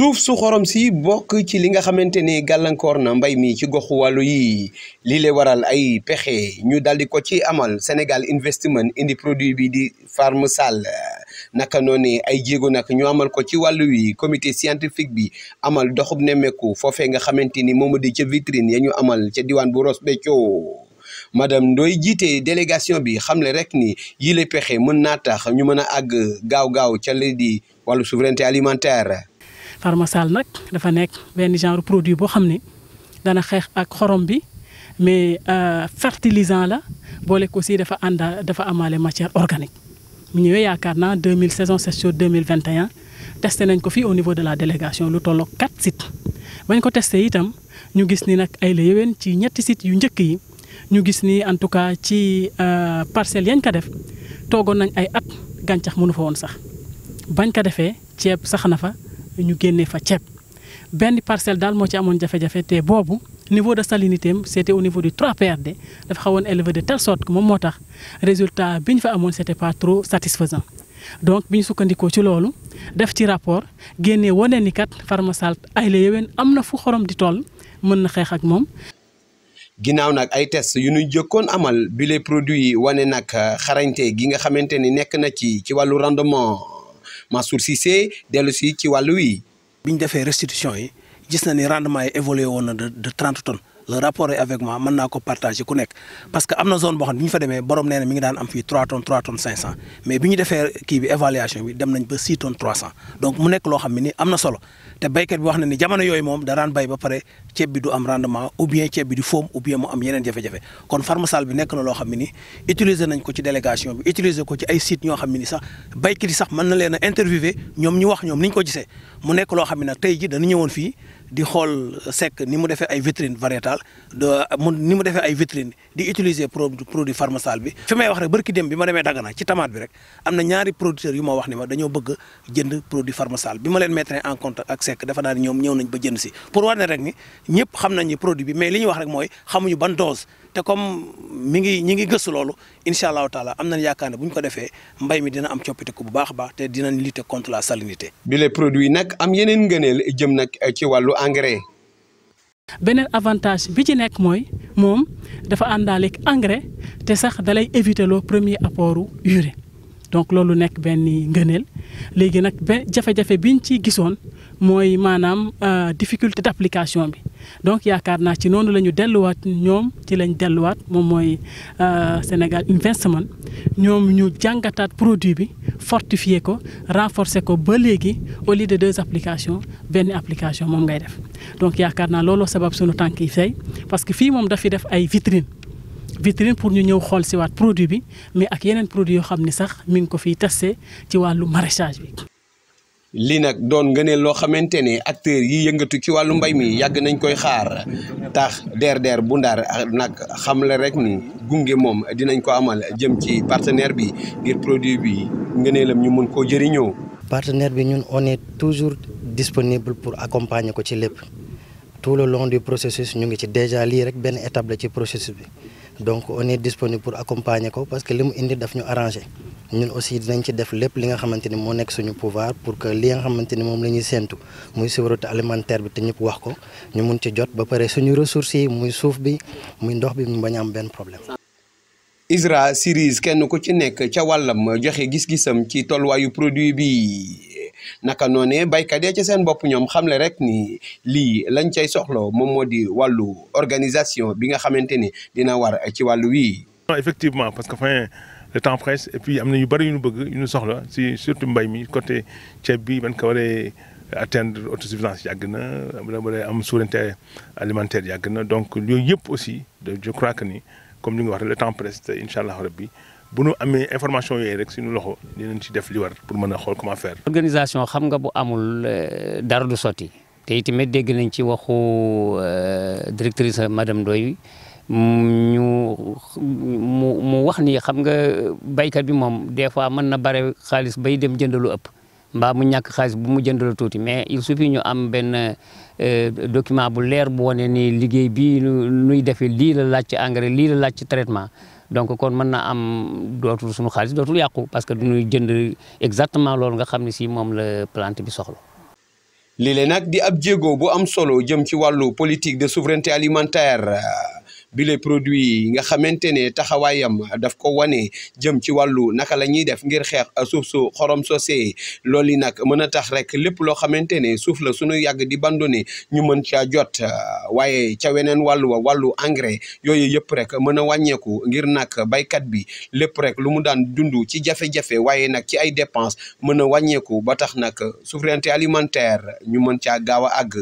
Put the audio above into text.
suuf su xorom si bokk ci li nga xamante ne gàllankoor na mbay mi ci goxu wàllu yi lii lay waral ay pexe ñu daldi ko ci amal Sénégal Investment indi produit bi di Farmsal naka noonu ay jéego nag ñu amal ko ci wàllu wi comité scientifique bi amal doxub nemmeeku foofee nga xamante ni moom di ca vitrine ya ñu amal ca diwaan bu Ross Béthio madame ndoy jiite délégation bi xamle rek ni yile pexe mën naa tax ñu mën a àgg gaaw-gaaw ca li di wàllu souveraineté Pharmasal nag dafa nekk benn genre produit boo xam ne dana xeex ak xorom bi mais euh, fertilisant la boole ko aussi dafa ànda dafa amaale matière organique mu ñëwee yaakaar naa 2000 saison session 2021 testé nañ ko fii au niveau de la délégation lu tolloog 4 sites bañ ko testé itam ñu gis ni nag ay la yeween ci ñetti sites yu njëkk yi ñu gis ni en tout cas ci euh, parcelles yañ ko def toogoon nañ ay at gàncax mënu fa woon sax bañ ko defee ceeb sax na fa. ñu génnee fa ceeb benn parcelle daal moo ci amoon jafe-jafe te boobu niveau de salinité am c' était au niveau du 3 PRD dafa xawoon élevé de telle sorte que moom moo tax résultat bi ñu fa amoon c' était pas trop satisfaisant donc bi ñu sukkandikoo ci loolu def ci rapport génne wane ni kat Pharmasalte ay la yeween am na fu xorom di toll mën na xeex ak moom. ginnaaw nag ay test yu ñu jëkkoon amal bi produit wane nag xarañte gi nga xamante ni nekk na ci ci wàllu rendement. Mansour Cissé dellu si ci wàllu wi. bi ñu defee restitution yi gis na ni rendement yi évolué woon na de de trente tonnes. le rapport est avec moi mën naa ko partager ku parce que am zone boo xam ne fa 3 tonnes 3 tonnes 500 mais bi ñu defee kii bi évaluation bi dem nañ 6 tonnes 300 donc mu nekk loo xam ne ni am na solo te béykat bi wax ni jamono yooyu moom da daan béy ba du am rendement ou bien ceeb bi du foom ou bien mu am yeneen jafe-jafe kon farmasal bi nekk na loo ni utiliser nañ ko ci délégation bi utiliser ko ci ay sites ñoo xam ne sax béykat sax mën na leen a interviewer ñoom ñu wax ñoom ko mu nekk loo xam ne nag tey ji dana ñëwoon fii di xool Seck ni mu defee ay vitrine variétale de mu ni mu defee ay vitrine di utiliser produit produit pharmasal bi fi may wax rek barki dem bi ma demee Dagana ci tomate bi rek am na ñaari producteurs yu ma wax ni ma dañoo bëgg jënd produit pharmasal bi ma leen mettre en contact ak Seck dafa naa ñoom ñëw nañ ba jënd si pour war ne rek ni ñëpp xam nañ ni produit bi mais li ñu wax rek mooy xamuñu ban dose te comme mi ngi ñi ngi gëstu loolu incha allahu taala am nañ yaakaar ne bu ñu ko defee mbay mi dina am coppite bu baax a baax te dinañ lutter contre la salinité. bi les produits nag am yeneen ngëneel jëm nag ci wàllu engrais. beneen avantage bi ci nekk mooy moom dafa àndaaleeg engrais te sax dalay éviter loo premier apportu urée. donc loolu nekk benn ngëneel léegi nag ben jafe-jafe biñ ci gisoon mooy maanaam euh, difficulté d'application bi donc yaakaar naa ci noonu la ñu delluwaat ñoom ci lañ delluwaat moom mooy euh, Sénégal Investment ñoom ñu jàngataat produit bi fortifier ko renforcer ko ba léegi au lieu de deux applications benn application moom ngay def donc yaakaar naa looloo sabab sunu tànk yi fay parce que fii moom dafi def ay vitrine vitrine pour ñu ñëw xool si waat produit bi mais ak yeneen produit yoo xam ni sax mu ngi ko fiy testé ci wàllu maraîchage bi. lii nag doon ngëneel loo xamante ne acteurs yi yëngatu ci wàllu mbay mi yàgg nañ koy xaar tax DRDR bu Ndar nag xam la rek ni gunge moom dinañ ko amal jëm ci partenaire bi ngir produit bi ngëneelam ñu mën koo jëriñoo. partenaire bi ñun on est toujours disponible pour accompagner ko ci lépp tout le long du processus ñu ngi ci déjà lii rek benn étape la ci processus bi. donc on est disponible pour accompagner ko parce que li mu indi daf ñu arrangé ñun aussi dinañ ci def lépp li nga xamante ni moo nekk suñu pouvoir pour que li nga xamante ni moom la ñuy séntu muy sécurité alimentaire bi te ñëpp wax ko ñu mun ci jot ba pare suñu ressources yi muy suuf bi muy ndox bi mu bañ am benn problème. ISRA series kenn ku ci nekk ca wàllam joxe gis-gisam ci tolluwaayu produit bi. naka noonee baykat ya ci seen bopp ñoom xam xamle rek nii lii lañ cay soxlo moom moo di wàllu organisation bi nga xamante ni dina war ci wàllu wii. non effectivement parce que fin le temps presse et puis am na yu bëri yu ñu bëgg yu ñu soxla si surtout mbay mi côté ceeb bi man ko waree atteindre autosuffisance yàgg na wala am souveraineté alimentaire yàgg na donc yooyu yëpp aussi je crois que ni comme li nga wax le temps presse te incha allah rabbi bu nu amee information yooyu rek suñu loxo dinañ ci def li war pour mën a xool comment faire. xam nga bu amul euh, dara du sotti te itamit dégg nañ ci waxu euh, directrice madame Ndoye ñu mu wax ni xam nga baykat bi moom des fois mën na bare xaalis bay dem jëndalu ëpp. mbaa mu ñàkk xaalis bu mu jëndal tuuti mais il suffit ñu am benn euh, document bu leer bu wane ni liggéey bii nuy defee lii la laaj ci engrais lii la laaj ci traitement donc kon mën na am dootul suñu xaalis dootul yàqu parce que duñuy jënd exactement loolu nga xam ne si moom la plante bi soxla. lii nag di ab jéego bu am solo jëm ci wàllu politique de souveraineté alimentaire. bile les produits yi nga xamante ne taxawaayam daf ko wane jëm ci wàllu naka la ñuy def ngir xeex suuf su xorom sosee loolu yi nag mën a tax rek lépp loo xamante ne suuf la suñu yàgg di bandone ñu mën caa jot euh, waaye ca weneen wàllu wa wàllu engrais yooyu yëpp rek mën a wàññeeku ngir nag baykat bi lépp rek lu mu daan dund ci jafe-jafe waaye nag ci ay dépense mën a wàññeeku ba tax nag souveraineté alimentaire ñu mën caa gaaw a àgg